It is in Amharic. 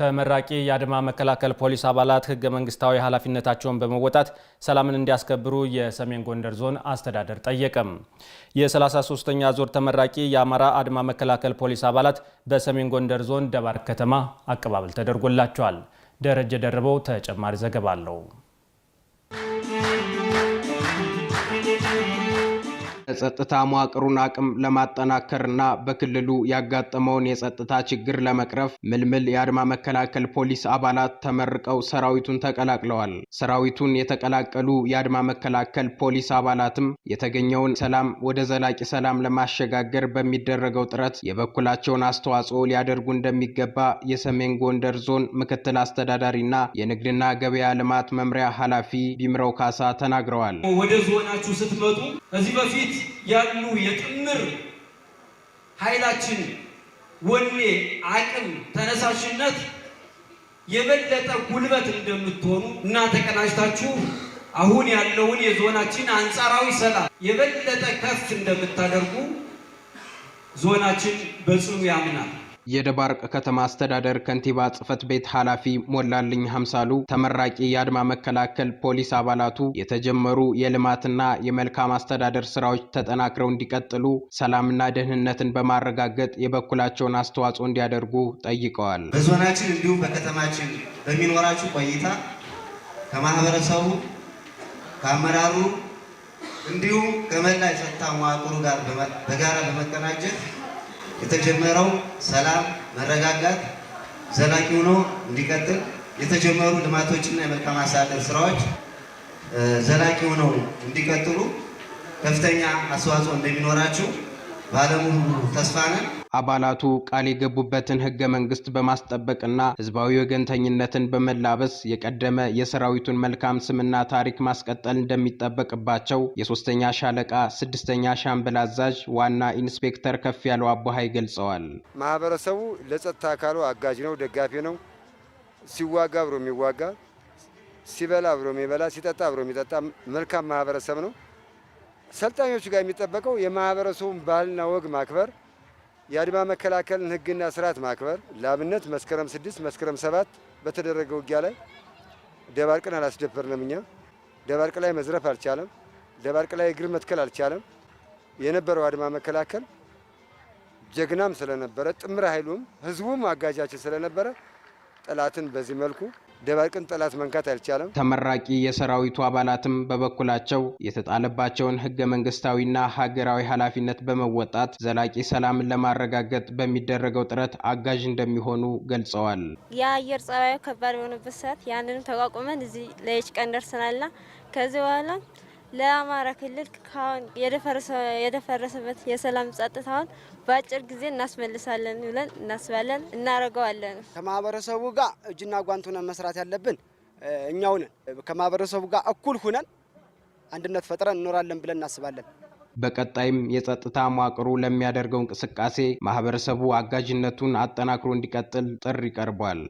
ተመራቂ የአድማ መከላከል ፖሊስ አባላት ህገ መንግስታዊ ኃላፊነታቸውን በመወጣት ሰላምን እንዲያስከብሩ የሰሜን ጎንደር ዞን አስተዳደር ጠየቀም። የ33ኛ ዞር ተመራቂ የአማራ አድማ መከላከል ፖሊስ አባላት በሰሜን ጎንደር ዞን ደባርቅ ከተማ አቀባበል ተደርጎላቸዋል። ደረጀ ደርበው ተጨማሪ ዘገባ አለው። የጸጥታ መዋቅሩን አቅም ለማጠናከርና በክልሉ ያጋጠመውን የጸጥታ ችግር ለመቅረፍ ምልምል የአድማ መከላከል ፖሊስ አባላት ተመርቀው ሰራዊቱን ተቀላቅለዋል። ሰራዊቱን የተቀላቀሉ የአድማ መከላከል ፖሊስ አባላትም የተገኘውን ሰላም ወደ ዘላቂ ሰላም ለማሸጋገር በሚደረገው ጥረት የበኩላቸውን አስተዋጽኦ ሊያደርጉ እንደሚገባ የሰሜን ጎንደር ዞን ምክትል አስተዳዳሪና የንግድና ገበያ ልማት መምሪያ ኃላፊ ቢምረው ካሳ ተናግረዋል። ወደ ዞናችሁ ስትመጡ ከዚህ በፊት ያሉ የጥምር ኃይላችን ወኔ፣ አቅም፣ ተነሳሽነት የበለጠ ጉልበት እንደምትሆኑ እና ተቀናጅታችሁ አሁን ያለውን የዞናችን አንጻራዊ ሰላም የበለጠ ከፍ እንደምታደርጉ ዞናችን በጽኑ ያምናል። የደባርቅ ከተማ አስተዳደር ከንቲባ ጽህፈት ቤት ኃላፊ ሞላልኝ ሀምሳሉ ተመራቂ የአድማ መከላከል ፖሊስ አባላቱ የተጀመሩ የልማትና የመልካም አስተዳደር ስራዎች ተጠናክረው እንዲቀጥሉ ሰላምና ደህንነትን በማረጋገጥ የበኩላቸውን አስተዋጽኦ እንዲያደርጉ ጠይቀዋል። በዞናችን እንዲሁም በከተማችን በሚኖራችሁ ቆይታ ከማህበረሰቡ ከአመራሩ እንዲሁም ከመላ የጸጥታ መዋቅሩ ጋር በጋራ በመቀናጀት የተጀመረው ሰላም፣ መረጋጋት ዘላቂ ሆኖ እንዲቀጥል የተጀመሩ ልማቶችና የመልካም አስተዳደር ስራዎች ዘላቂ ሆነው እንዲቀጥሉ ከፍተኛ አስተዋጽኦ እንደሚኖራችሁ ባለሙሉ ተስፋ ነን። አባላቱ ቃል የገቡበትን ህገ መንግስት በማስጠበቅና ህዝባዊ ወገንተኝነትን በመላበስ የቀደመ የሰራዊቱን መልካም ስምና ታሪክ ማስቀጠል እንደሚጠበቅባቸው የሶስተኛ ሻለቃ ስድስተኛ ሻምበል አዛዥ ዋና ኢንስፔክተር ከፍ ያለው አቦሀይ ገልጸዋል። ማህበረሰቡ ለጸጥታ አካሉ አጋዥ ነው፣ ደጋፊ ነው። ሲዋጋ አብሮ የሚዋጋ ሲበላ አብሮ የሚበላ ሲጠጣ አብሮ የሚጠጣ መልካም ማህበረሰብ ነው። ሰልጣኞቹ ጋር የሚጠበቀው የማህበረሰቡን ባህልና ወግ ማክበር የአድማ መከላከልን ህግና ስርዓት ማክበር ለአብነት መስከረም ስድስት መስከረም ሰባት በተደረገ ውጊያ ላይ ደባርቅን አላስደፈርንም። እኛ ደባርቅ ላይ መዝረፍ አልቻለም። ደባርቅ ላይ እግር መትከል አልቻለም። የነበረው አድማ መከላከል ጀግናም ስለነበረ ጥምር ኃይሉም ህዝቡም አጋጃችን ስለነበረ ጠላትን በዚህ መልኩ ደባርቅን ጠላት መንካት አልቻለም። ተመራቂ የሰራዊቱ አባላትም በበኩላቸው የተጣለባቸውን ህገ መንግስታዊና ሀገራዊ ኃላፊነት በመወጣት ዘላቂ ሰላምን ለማረጋገጥ በሚደረገው ጥረት አጋዥ እንደሚሆኑ ገልጸዋል። የአየር ጸባዩ ከባድ በሆነበት ሰዓት ያንንም ተቋቁመን እዚህ ለየች ቀን ደርሰናልና ከዚህ በኋላ ለአማራ ክልል ካሁን የደፈረሰበት የሰላም ጸጥታውን በአጭር ጊዜ እናስመልሳለን ብለን እናስባለን፣ እናደርገዋለን። ከማህበረሰቡ ጋር እጅና ጓንት ሆነን መስራት ያለብን እኛው ነን። ከማህበረሰቡ ጋር እኩል ሁነን አንድነት ፈጥረን እንኖራለን ብለን እናስባለን። በቀጣይም የጸጥታ መዋቅሩ ለሚያደርገው እንቅስቃሴ ማህበረሰቡ አጋዥነቱን አጠናክሮ እንዲቀጥል ጥሪ ቀርቧል።